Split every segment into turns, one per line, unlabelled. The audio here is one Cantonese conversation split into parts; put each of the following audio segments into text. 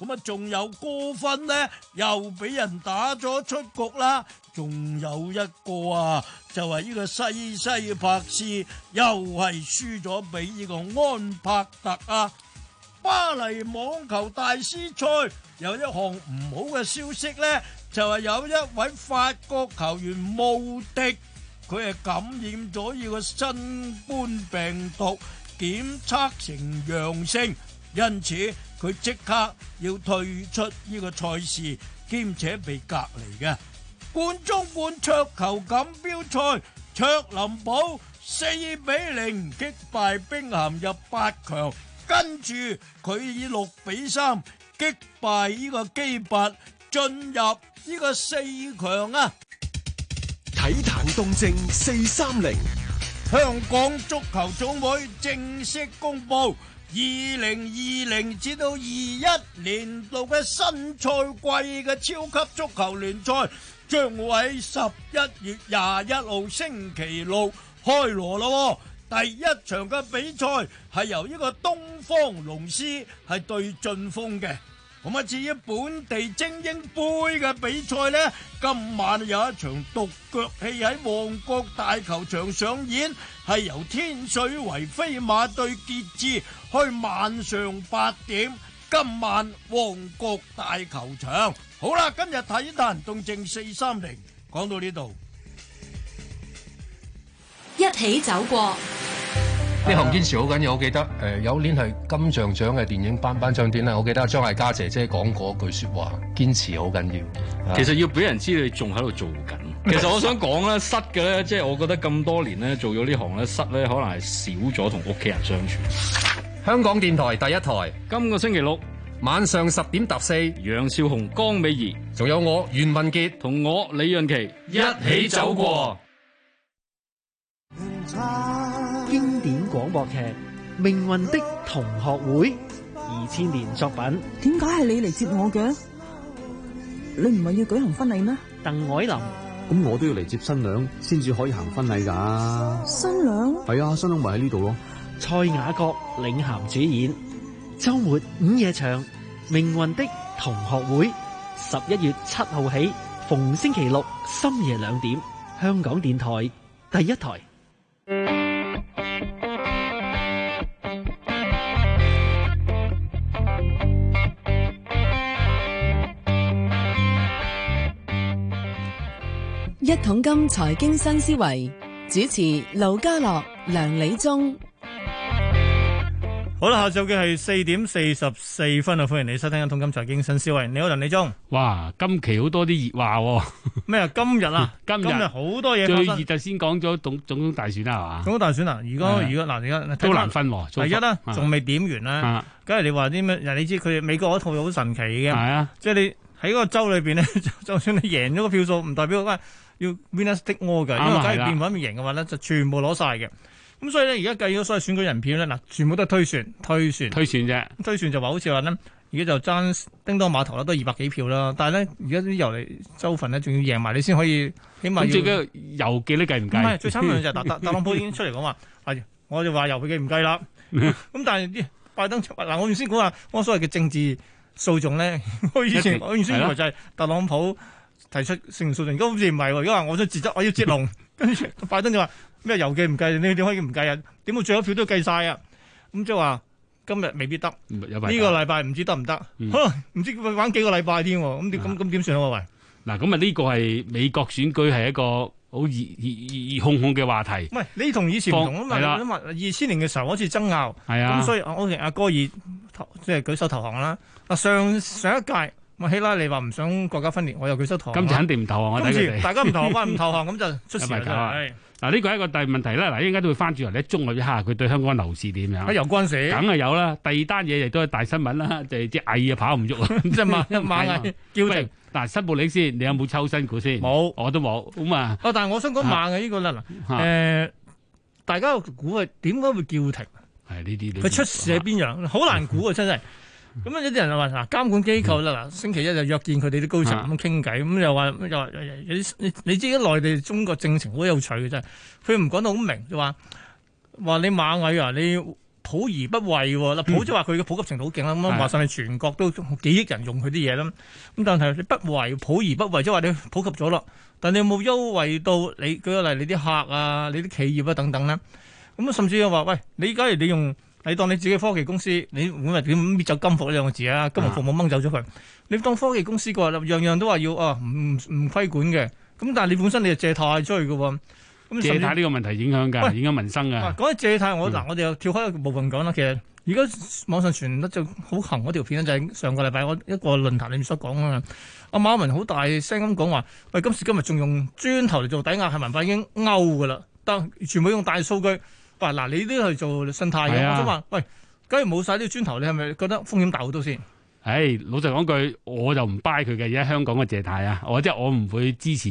咁啊，仲有高分呢，又俾人打咗出局啦。仲有一個啊，就係呢個西西帕斯，又係輸咗俾呢個安帕特啊。巴黎網球大師賽有一項唔好嘅消息呢，就係有一位法國球員穆迪，佢係感染咗呢個新冠病毒，檢測成陽性，因此，佢即刻要退出呢個賽事，兼且被隔離嘅。冠中冠桌球錦標賽，卓林堡四比零擊敗賓咸入八強，跟住佢以六比三擊敗呢個基拔，進入呢個四強啊！體壇動靜四三零，香港足球總會正式公布。二零二零至到二一年度嘅新賽季嘅超級足球聯賽將會喺十一月廿一號星期六開鑼咯，第一場嘅比賽係由呢個東方龍獅係對晉峰嘅。咁啊，至於本地精英杯嘅比賽呢，今晚有一場獨腳戲喺旺角大球場上演，係由天水圍飛馬對傑志，開晚上八點。今晚旺角大球場，好啦，今日體壇動靜四三零，講到呢度，一起走過。呢行堅持好緊要，我記得誒有年係金像獎嘅電影頒頒獎典咧，我記得張艾嘉
姐姐講過一句說話，堅持好緊要。其實要俾人知道你仲喺度做緊。其實我
想講咧， 失嘅咧，即係我覺得咁多年咧做咗呢行咧，失咧可能係少咗同屋企人相處。香港電台第一台，今個星期六晚上十點踏四，楊少紅、江美儀，仲有我袁文傑同我李潤琪一起走過。嗯嗯嗯嗯嗯廣播劇《命運的同學會》二千年作品，點解係你嚟接我嘅？你唔係要舉行婚禮咩？鄧凱琳，咁我都要嚟接新娘，先至可以行婚禮噶。新娘係啊，新娘咪喺呢度咯。蔡雅閣領銜主演，周末午夜場《命運的同學會》，十一月七號起，逢星期六深夜兩點，香港電台第一台。一桶金財經新思維，主持劉家樂梁李忠，
好啦，下晝嘅係四點四十四分啊！歡迎你收聽《一桶金財經新思維》，你好，梁李忠。哇，今期好多啲熱話咩啊，啊？今日啊，今日好多嘢。最熱
就先講咗總總統大選啦，係嘛？總
統大選啊？如果如果
嗱，而家、啊、都難分第一啦，仲未點完啦，梗係、啊、你話啲咩？
人你知佢美國嗰套好神奇嘅，係啊，即係你喺嗰個州裏邊咧，就算你贏咗個票數，唔代表嗰要 minus 跌屙嘅，如果假如變反面型嘅話咧、嗯，就全部攞晒嘅。咁、嗯、所以咧，而家計咗所謂選舉人票咧，嗱全部都係推算。推算，推算啫。推算就話好似話咧，而家就爭叮噹碼頭啦，都二百幾票啦。但係咧，而家啲遊離州份咧，仲要贏埋你先可以，起碼要、嗯、自己
郵寄都計唔計？最慘嘅就係特特朗普已經
出嚟講話，我就話郵寄唔計啦。咁、 嗯、但係拜登嗱、呃，我原先估下，我所謂嘅政治訴訟咧， 我以前我原先估就係特朗普。提出成數定，而家好似唔係喎。而家話我想自執，我要接龍，跟 住拜登就話咩郵寄唔計，你點可以唔計啊？點會最後票都計晒啊？咁即係話今日未必得，
呢、這個禮
拜唔知得唔得？唔、嗯、知玩幾個禮拜添？咁咁咁點算啊？喂、啊！
嗱，咁啊呢個係美國選舉係一個好熱熱熱熱烘烘嘅話題。唔係你
同以前唔同啊嘛？二千年嘅時候嗰次爭拗，咁、啊、所以我同阿哥爾即係舉手投降啦。啊上上一屆。希拉里話唔想國家分裂，我又佢出台。今次肯定唔
投降，我睇佢今次大家唔投降，唔 投降咁就出事嗱，呢個係一個大問題啦。嗱，應該都會翻轉嚟咧，中立一下佢對香港樓市點樣？啊、有又干梗咁有啦，第二單嘢亦都係大新聞啦，就係啲蟻啊跑唔喐啊，即 係猛，猛叫停。嗱，失、啊、報你先，你有冇抽新股先？冇，我都冇。咁啊，
但係我想講猛嘅呢、這個啦，嗱、
啊，誒、啊呃，大家估啊，點解會叫停係呢啲，佢、啊、出
事係邊樣？好難估啊，真係。咁啊，有啲人就話，嗱，監管機構啦，嗱、嗯，星期一就約見佢哋啲高層咁傾偈，咁、啊、又話又話你知，己內地中國政情好有趣嘅真係，佢唔講得好明就話話你螞蟻啊，你普而不惠嗱、嗯，普即係話佢嘅普及程度好勁啦，咁話、啊、晒係全國都幾億人用佢啲嘢啦。咁但係你不惠普而不惠、就是，即話你普及咗啦，但你有冇優惠到你舉個例，你啲客啊，你啲企業啊等等呢？咁甚至又話，喂，你假如你用？你當你自己科技公司，你會日點搣走金服呢兩個字啊？金服冇掹走咗佢，啊。你當科技公司過樣樣都話要啊唔唔規管嘅。咁但係你本身你係借貸出去嘅，咁借貸呢個
問題影響噶影響民生噶。
講、啊、起借貸，我嗱、嗯、我哋又跳開一部分講啦。其實而家網上傳得就好行嗰條片就係上個禮拜我一個論壇裏面所講啊。阿馬文好大聲咁講話，喂，今時今日仲用磚頭嚟做抵押係文化已經 out 㗎噶啦，但全部用大數據。嗱、啊，你都係做
生態嘅、啊，我想問，
喂，假如冇曬啲磚頭，你係咪覺得風險大好多先？
誒、哎，老實講句，我就唔 buy 佢嘅，而家香港嘅借貸啊，或者我唔會支持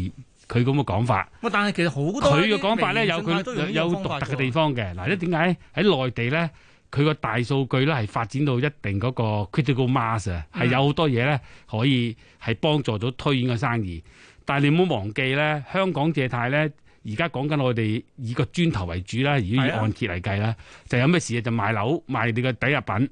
佢咁嘅講法。
喂，但係其實好多佢嘅講法咧，法有佢有有獨特嘅
地方嘅。嗱、嗯，即係點解喺內地咧，佢個大數據咧係發展到一定嗰個 critical mass 啊、嗯，係有好多嘢咧可以係幫助到推演個生意。但係你唔好忘記咧，香港借貸咧。而家講緊我哋以個磚頭為主啦，如果以按揭嚟計啦，就有咩事就賣樓賣你個抵押品，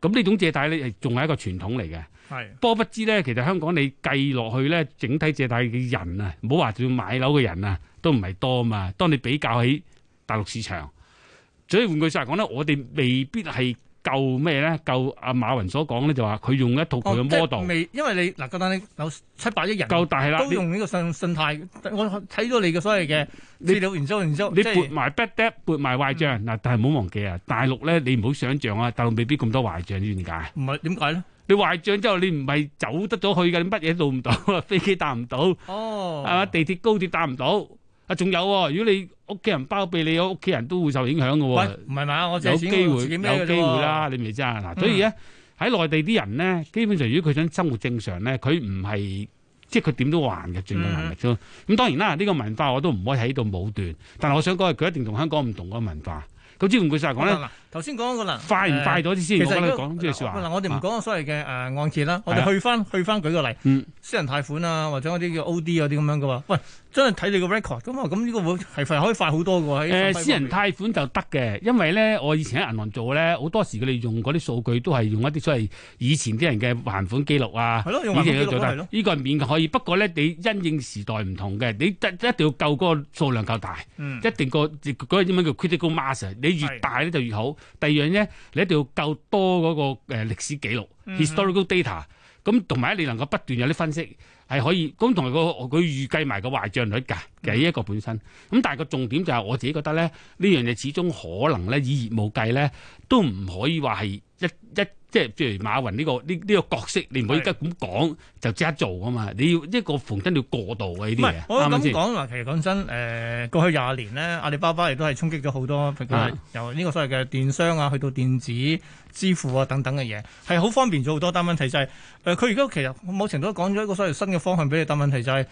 咁呢種借貸咧仲係一個傳統嚟嘅。係，不過不知咧，其實香港你計落去咧，整體借貸嘅人啊，唔好話要買樓嘅人啊，都唔係多啊嘛。當你比較喺大陸市場，所以換句說話講咧，我哋未必係。夠咩咧？夠阿馬雲所講咧，就話佢用一套佢嘅 model 未，
因為你嗱，覺得你有七八億人夠，大啦，都用呢個信信貸。我
睇到你嘅所謂嘅資料研究研究，你撥埋 bad debt，撥埋壞賬嗱，但係唔好忘記啊，大陸咧你唔好想象啊，大陸未必咁多壞賬，點解？唔係點解咧？你壞賬之後你唔係走得咗去嘅，你乜嘢做唔到？飛機搭唔到，係嘛？地鐵高鐵搭唔到。啊，仲有喎！如果你屋企人包庇你，屋企人都會受影響嘅喎。唔係嘛，我借錢我自己孭嘅啫喎。有機會，有機會啦，你咪知啊。嗱，所以咧喺、嗯、內地啲人咧，基本上如果佢想生活正常咧，佢唔係即係佢點都還嘅，儘量能力。啫、嗯。咁當然啦，呢、呢個文化我都唔可以喺度武斷，但係我想講佢一定同香港唔同嘅文化。咁即係換句曬講咧，
頭先講嗰個啦，快唔快咗啲先？其實嗱，我哋唔講所謂嘅誒按揭啦，我哋去翻去翻舉個例、嗯，私人貸款啊，或者嗰啲叫 O.D. 嗰啲咁樣嘅喎，喂，真
係睇你個 record 咁啊！咁呢個會係可以快好多嘅喎、呃。私人貸款就得嘅，因為咧，我以前喺銀行做咧，好多時佢哋用嗰啲數據都係用一啲所謂以前啲人嘅還款記錄啊，係咯，用還款記錄、啊呢個係免，可以。不過咧，你因應時代唔同嘅，你得一定要夠嗰個數量夠大，嗯、一定個嗰、嗰個、叫 critical mass。你越大咧就越好。第二樣咧，你一定要夠多嗰個誒歷史記錄 （historical data）。咁同埋你能夠不斷有啲分析係可以。咁同埋個佢預計埋個壞賬率㗎，嘅一個本身。咁但係個重點就係我自己覺得咧，呢樣嘢始終可能咧以業務計咧都唔可以話係一一。一即係譬如馬雲呢、呢個呢呢、呢個角色，你唔好而家咁講就即刻做啊嘛！你要一個逢真要過渡啊呢啲嘢，啱唔啱先？唔係，我咁講
話，其實講真，誒、呃、過去廿年咧，阿里巴巴亦都係衝擊咗好多，譬如由呢個所謂嘅電商啊，去到電子支付啊等等嘅嘢，係好方便咗好多。但問題就係、是，誒佢而家其實某程度都講咗一個所謂嘅新嘅方向俾你，但問題就係、是。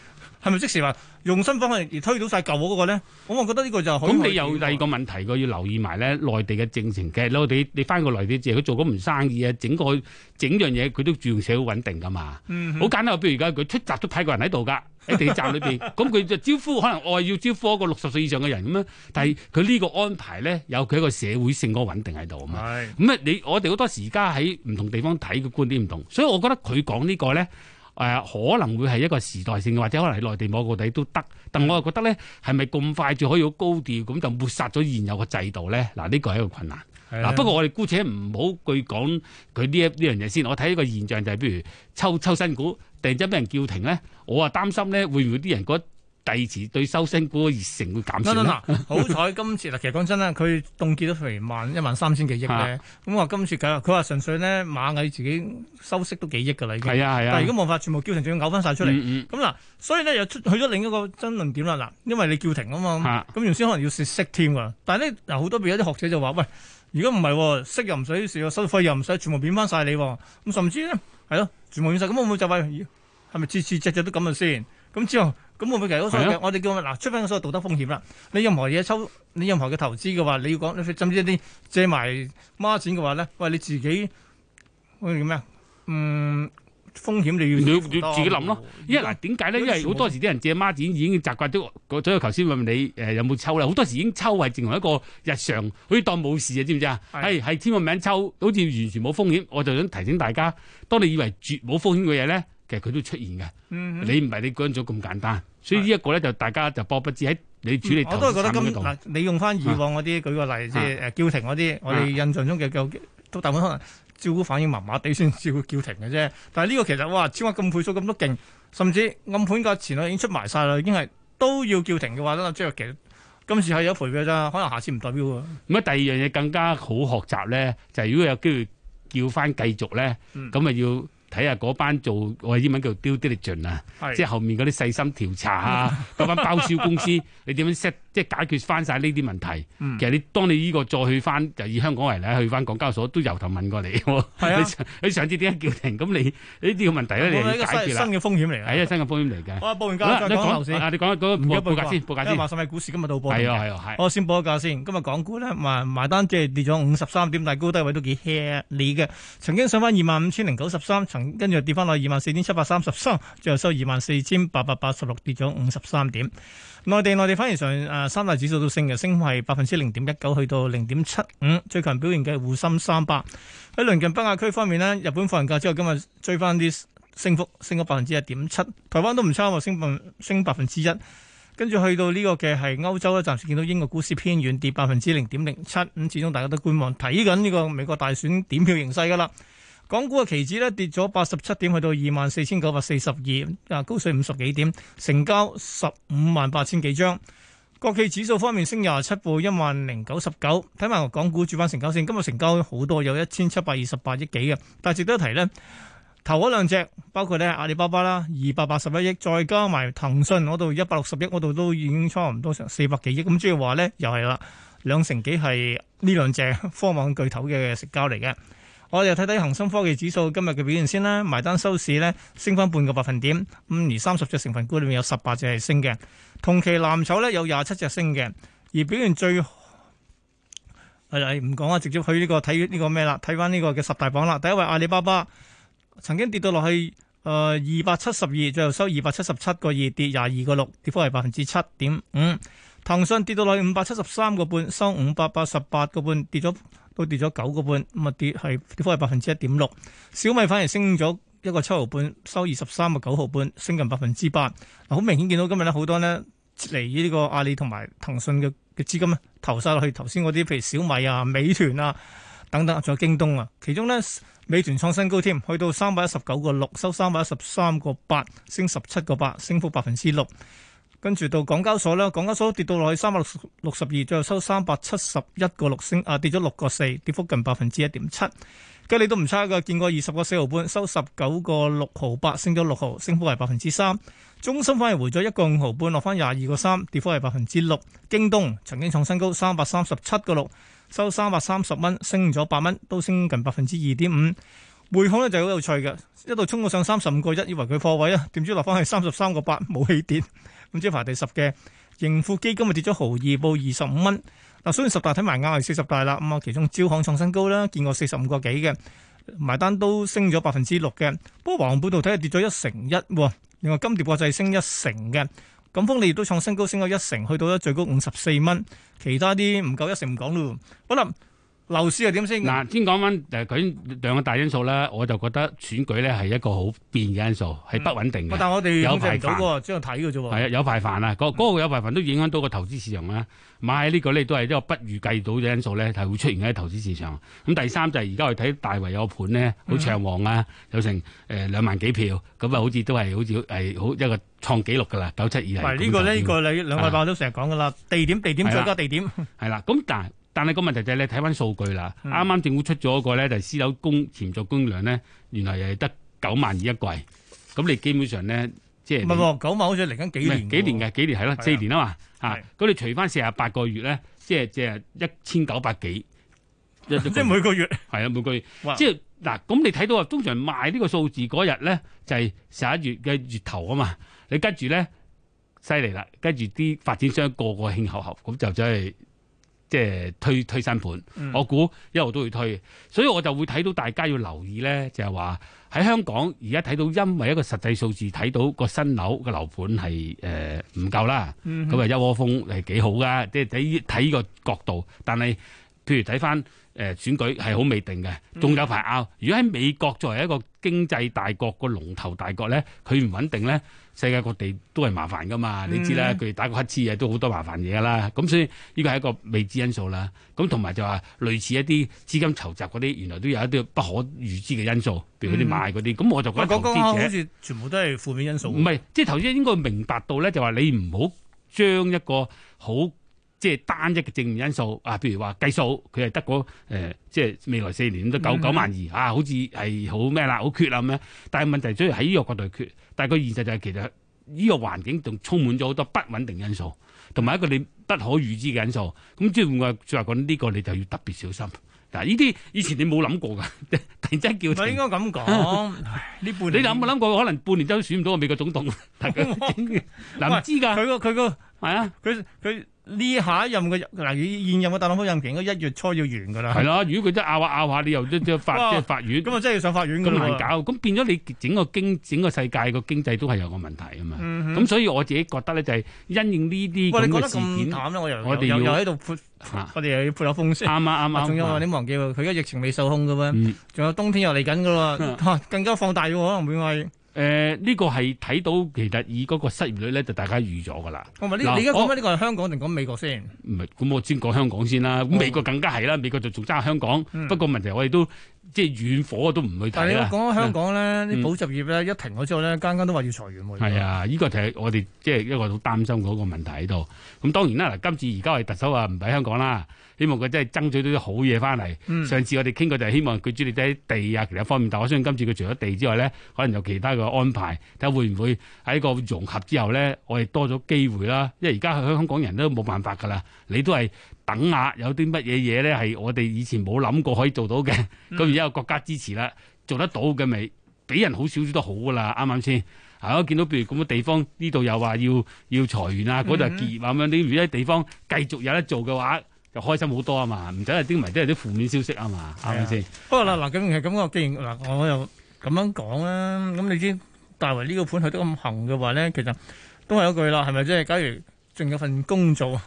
係咪即時話用新方
法而推倒晒舊嗰個咧？我覺得呢個就好，咁你有第二個問題，佢、啊、要留意埋咧內地嘅政情。其實你你你翻過內地即佢做嗰門生意啊，整個整樣嘢佢都注重社會穩定㗎嘛。好、嗯、簡單，譬如而家佢出閘都派個人喺度㗎喺地鐵站裏邊，咁 佢就招呼可能我係要招呼一個六十歲以上嘅人咁啦。但係佢呢個安排咧，有佢一個社會性嗰個穩定喺度啊嘛。咁啊、嗯，你我哋好多時而家喺唔同地方睇嘅觀點唔同，所以我覺得佢講呢個咧。誒、呃、可能會係一個時代性，或者可能喺內地某個地都得，但我又覺得咧，係咪咁快就可以好高調咁就抹殺咗現有嘅制度咧？嗱，呢個係一個困難。嗱、啊，不過我哋姑且唔好據講佢呢一呢樣嘢先。我睇呢個現象就係、是，譬如抽抽新股突然之間俾人叫停咧，我啊擔心咧，會唔會啲人覺得？第二次對收升股個熱誠會減少。嗱，好
彩今次嗱，其實講真啦，佢凍結咗成萬一萬三千幾億咧。咁話今次佢話，佢話純粹咧，螞蟻自己收息都幾億噶啦，已經。係啊係啊。但係如果冇法全部叫停，仲要嘔翻晒出嚟。咁、嗯、嗱，所以咧又去咗另一個爭論點啦。嗱，因為你叫停、嗯、啊嘛。咁原先可能要蝕息添㗎。但係咧，嗱，好多邊有啲學者就話：喂，如果唔係息又唔使，收息費又唔使、啊啊，全部變翻晒你。咁甚至咧係咯，全部變曬，咁會唔會就係係咪次次隻隻都咁啊先？咁之後，咁會唔會其實我哋叫嗱出翻所有道德風險啦？你任何嘢抽，你任何嘅投資嘅話，你要講，甚至一啲借埋孖展嘅話咧，喂，你自己嗰啲咩？嗯，
風險你要，你要自己諗咯。因為嗱點解咧？因為好多時啲人借孖展已經習慣咗。個，所以頭先問你誒有冇抽咧？好多時已經抽係成為一個日常，好似當冇事啊，知唔知啊？係係簽個名抽，好似完全冇風險。我就想提醒大家，當你以為絕冇風險嘅嘢咧。佢都出現嘅、嗯，你唔係你講咗咁簡單，所以這呢一個咧就大家就博不知喺你處理、嗯、我都係覺得今日嗱、啊，
你用翻以往嗰啲舉個例，即係
誒叫停嗰啲、
啊，我哋印象中嘅都大可能招股反應麻麻地先叫叫停嘅啫。但係呢個其實哇，超過咁倍數咁都勁，甚至暗盤價錢已經出埋晒啦，已經係都要叫停嘅話咧，即係其實今次係有賠嘅咋，可能下次唔代表喎。
咁、嗯、第二樣嘢更加好學習咧，就係、是、如果有機會叫翻繼續咧，咁啊要。睇下嗰班做我係英文叫 due diligent 啊，即係後面嗰啲細心調查啊，嗰 班包銷公司， 你點樣 set 即係解決翻晒呢啲問題、嗯？其實你當你呢個再去翻就以香港為例，去翻港交所都由頭問過你。啊、 你，上你上次點解叫停？咁你呢啲問題咧、啊，你解決啦。啊、新嘅風險嚟新嘅風險嚟嘅。
我、啊、報完價、啊、再
下你講嗰、啊啊那個報，報價先，報價先。因為
信嘅股市今日到報。係啊，我先報一價先。今日港股咧買，買單即係跌咗五十三點，但係高低位都幾 h 你嘅。曾經上翻二萬五千零九十三跟住跌翻落二萬四千七百三十三，最後收二萬四千八百八十六，跌咗五十三點。內地內地反而上誒、呃，三大指數都升嘅，升係百分之零點一九，去到零點七五。最強表現嘅滬深三百。喺鄰近北亞區方面咧，日本放完假之後，今日追翻啲升幅，升咗百分之一點七。台灣都唔差喎，升升百分之一。跟住去到呢個嘅係歐洲咧，暫時見到英國股市偏軟，跌百分之零點零七。咁始終大家都觀望，睇緊呢個美國大選點票形勢噶啦。港股嘅期指咧，跌咗八十七點，去到二萬四千九百四十二，啊，高水五十幾點，成交十五萬八千幾張。國企指數方面升廿七步，一萬零九十九。睇埋港股主板成交線，今日成交好多，有一千七百二十八億幾嘅。但係值得提呢，頭嗰兩隻包括咧阿里巴巴啦，二百八十一億，再加埋騰訊嗰度一百六十億，嗰度都已經差唔多成四百幾億。咁即係話呢，又係啦，兩成幾係呢兩隻科網巨頭嘅成交嚟嘅。我哋又睇睇恒生科技指數今日嘅表現先啦，埋單收市呢，升翻半個百分點，咁而三十隻成分股裏面有十八隻係升嘅，同期藍籌咧有廿七隻升嘅，而表現最係唔講啦，直接去呢、這個睇呢個咩啦，睇翻呢個嘅十大榜啦。第一位阿里巴巴曾經跌到落去誒二百七十二，呃、272, 最後收二百七十七個二，跌廿二個六，跌幅係百分之七點五。騰訊跌到落去五百七十三個半，收五百八十八個半，跌咗。都跌咗九個半，咁啊跌係跌幅係百分之一點六。小米反而升咗一個七毫半，收二十三個九毫半，升近百分之八。嗱，好明顯見到今日咧好多呢嚟呢個阿里同埋騰訊嘅嘅資金呢投晒落去頭先嗰啲，譬如小米啊、美團啊等等，仲有京東啊。其中呢，美團創新高添，去到三百一十九個六，收三百一十三個八，升十七個八，升幅百分之六。跟住到港交所咧，港交所跌到落去三百六十二，最後收三百七十一個六升，啊跌咗六個四，跌幅近百分之一點七。吉利都唔差噶，見過二十個四毫半，收十九個六毫八，升咗六毫，升幅係百分之三。中芯反而回咗一個五毫半，落翻廿二個三，跌幅係百分之六。京東曾經創新高三百三十七個六，收三百三十蚊，升咗八蚊，都升近百分之二點五。匯控呢就好有趣噶，一度衝到上三十五個一，以為佢破位啊，知點知落翻去三十三個八，冇起跌。咁即排第十嘅盈富基金啊，跌咗毫二，報二十五蚊。嗱，所以十大睇埋亞係四十大啦。咁啊，其中招行創新高啦，見過四十五個幾嘅埋單都升咗百分之六嘅。不過華航道睇係跌咗一成一喎。另外金蝶國際升一成嘅，咁豐利亦都創新高，升咗一成，去到咧最高五十四蚊。其他啲唔夠一成唔講咯。好啦。
樓市又點先？嗱，先講翻誒，佢、啊、兩個大因素咧，我就覺得選舉咧係一個好變嘅因素，係、嗯、不穩定嘅。但我哋有排到嘅，只有睇嘅啫。係啊，有排煩啊，嗰、嗯那個有排煩都影響到個投資市場啦。買呢個咧都係一個不預計到嘅因素咧，係會出現喺投資市場。咁、嗯嗯、第三就係而家我睇大圍有個盤咧，好長旺啊，有成誒兩萬幾票，咁啊好似都係好似係好一個創紀錄噶啦，九七二零。呢個呢、這個你兩位
都成日講噶啦，地點地點再加地
點。係啦，咁、啊啊、但係。但係個問題就係你睇翻數據啦，啱、嗯、啱政府出咗一個咧，就私樓供潛在供量咧，原來係得九萬二一季，咁你基本上咧，即係唔係？九萬好似嚟緊幾年嘅，幾年嘅幾年係咯，四年嘛是啊嘛嚇。咁你除翻四十八個月咧，即係即係一千九百幾，即係每個月係啊、就是、每個月，即係嗱咁你睇到啊，通常賣呢個數字嗰日咧，就係十一月嘅、就是、月，月頭啊嘛，你跟住咧犀利啦，跟住啲發展商個個慶口合，咁就真、是、係。即、就、係、是、推推新盤，我估一路都會推、嗯，所以我就會睇到大家要留意咧，就係話喺香港而家睇到，因為一個實際數字睇到個新樓嘅樓盤係誒唔夠啦，咁、嗯、啊一窩蜂係幾好㗎，即係睇睇呢個角度，但係。譬如睇翻誒選舉係好未定嘅，仲有排拗。如果喺美國作為一個經濟大國、個龍頭大國咧，佢唔穩定咧，世界各地都係麻煩噶嘛。你知啦，佢打個乞嗤啊，都好多麻煩嘢啦。咁所以呢個係一個未知因素啦。咁同埋就話類似一啲資金籌集嗰啲，原來都有一啲不可預知嘅因素，譬如啲賣嗰啲。咁我就覺得投資者、嗯、剛剛好似全部都係負面因素。唔係，即係頭先應該明白到咧，就話你唔好將一個好。即係單一嘅正面因素啊，譬如話計數佢係得個即係未來四年都九、嗯、九萬二啊，好似係好咩啦，好缺啦咁樣。但係問題主要喺呢個角度缺，但係佢現實就係其實呢個環境仲充滿咗好多不穩定因素，同埋一個你不可預知嘅因素。咁即係換句説話講，呢個你就要特別小心。嗱，呢啲以前你冇諗過㗎，突然間叫唔應該咁講呢半年。你諗冇諗過可能半年都係選唔到個美國總統？嗱、嗯、唔、 哎、知㗎，佢個佢個
係啊，佢佢。呢下一任嘅嗱，現任嘅特朗普任期應該一月初要完噶啦。係啦、
啊，如果佢真拗下拗下，你又即即法即係法院。咁啊，真係要上法院咁難搞。咁變咗你整個經整個世界個經濟都係有個問題啊嘛。咁、嗯、所以我自己覺得咧就係因應呢啲咁嘅事件咧，我哋又喺度潑，我哋、啊、又要潑有風聲。啱啱啱啊啱。仲有你
忘記喎，佢而家疫情未受控㗎嘛，仲、嗯、有冬天又嚟緊㗎喇。更加放大咗可能
會。誒、呃、呢、這個係睇到其實以嗰個失業率咧，就大家預咗㗎啦。我問你，你而家講緊
呢個係香港定講美國先？
唔、哦、係，咁我先講香港先啦。咁美國更加係啦、哦，美國就仲爭香港、嗯。不過問題我哋都即係遠火都唔去睇啦。但係你講香港咧，啲補習
業咧一停咗之後咧，間、嗯、間都話要裁員喎。係
啊，依、這個就係我哋即係一個好擔心嗰個問題喺度。咁當然啦，嗱今次而家我哋特首話唔喺香港啦，希望佢真係爭取到啲好嘢翻嚟。上次我哋傾過就係希望佢主要喺地啊其他方面，但我相信今次佢除咗地之外咧，可能有其他嘅。安排睇下會唔會喺個融合之後咧，我哋多咗機會啦。因為而家香港人都冇辦法噶啦，你都係等下有啲乜嘢嘢咧，係我哋以前冇諗過可以做到嘅。咁而家有國家支持啦，做得到嘅咪俾人好少少都好噶啦。啱啱先？係、嗯、咯，嗯、我見到譬如咁嘅地方，呢度又話要要裁員啊，嗰度係結業啊咁樣。你、嗯、如果啲地方繼續有得做嘅話，就開心好多啊嘛。唔使係啲咪都係啲負面消息啊嘛。啱啱先？
不過啦，嗱，咁係咁嘅，既然嗱，我又。咁樣講啦，咁你知大圍呢個盤去得咁行嘅話咧，其實都係一句啦，係咪即係假如仲有份工做，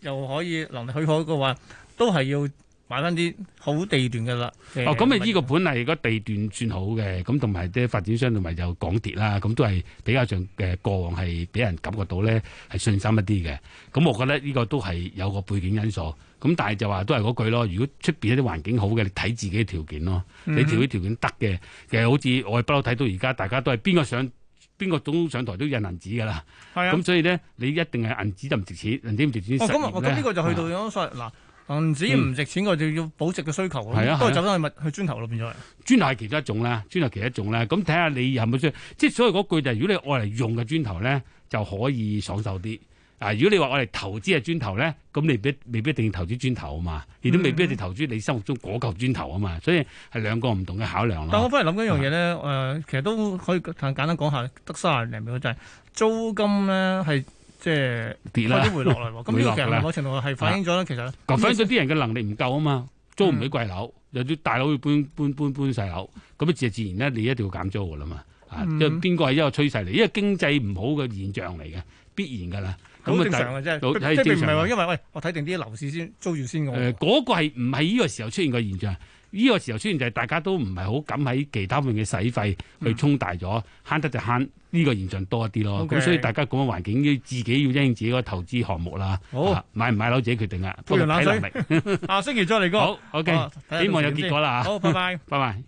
又可以能力許可嘅話，都係要買翻啲好地段嘅啦、嗯。哦，咁啊，依個
盤係個地段算好嘅，咁同埋啲發展商同埋又港鐵啦，咁都係比較上嘅過往係俾人感覺到咧係信心一啲嘅。咁我覺得呢個都係有個背景因素。咁但係就話都係嗰句咯，如果出面一啲環境好嘅，你睇自己條件咯。嗯、你自己條件得嘅，其實好似我哋不嬲睇到而家，大家都係邊個上邊個都上台都印銀紙噶啦。咁、啊、所以咧，你一定係銀紙就唔值錢，銀紙唔值錢。咁我咁呢個就去
到咗嗱、
啊啊，銀紙唔值錢，我就要保值嘅需求咯。係、啊啊、都走咗
去物去磚頭入面咗嚟。
磚頭係其中一種啦，磚頭係其中一種啦。咁睇下你係咪即係即係所以嗰句就係、是、如果你愛嚟用嘅磚頭咧，就可以爽手啲。啊！如果你話我哋投資係磚頭咧，咁你未必一定要投資磚頭啊嘛，亦都未必一定投資你生活中嗰嚿磚頭啊嘛，所以係兩個唔同嘅考量啦。但我翻嚟諗一樣嘢
咧，誒、呃，其實都可以簡單講下，得卅零秒就係租金咧係即係跌啦，回落嚟喎。咁呢個其實某程度係反映咗其實呢，反映咗
啲人嘅能力唔夠啊嘛，租唔起貴樓，嗯、有啲大佬要搬搬搬搬細樓，咁啊自自然咧，你一定要減租㗎啦嘛、嗯。啊，因為邊個係一個趨勢嚟，因為經濟唔好嘅現象嚟嘅，必然㗎啦。咁正常嘅啫，即係係唔係因為
喂，我睇定啲樓市先租住先嘅。誒、呃，
嗰、那個係唔係呢個時候出現嘅現象？呢、這個時候出現就係大家都唔係好敢喺其他方面嘅使費去衝大咗，慳、嗯、得就慳呢個現象多一啲咯。咁、okay、所以大家講嘅環境要自己要因應自己個投資項目啦。好，啊、買唔買樓自己決定啊。都要睇能力。啊、
呃，下星期再嚟講。好，OK 看看。希望有結果啦。好，拜拜，
拜 拜。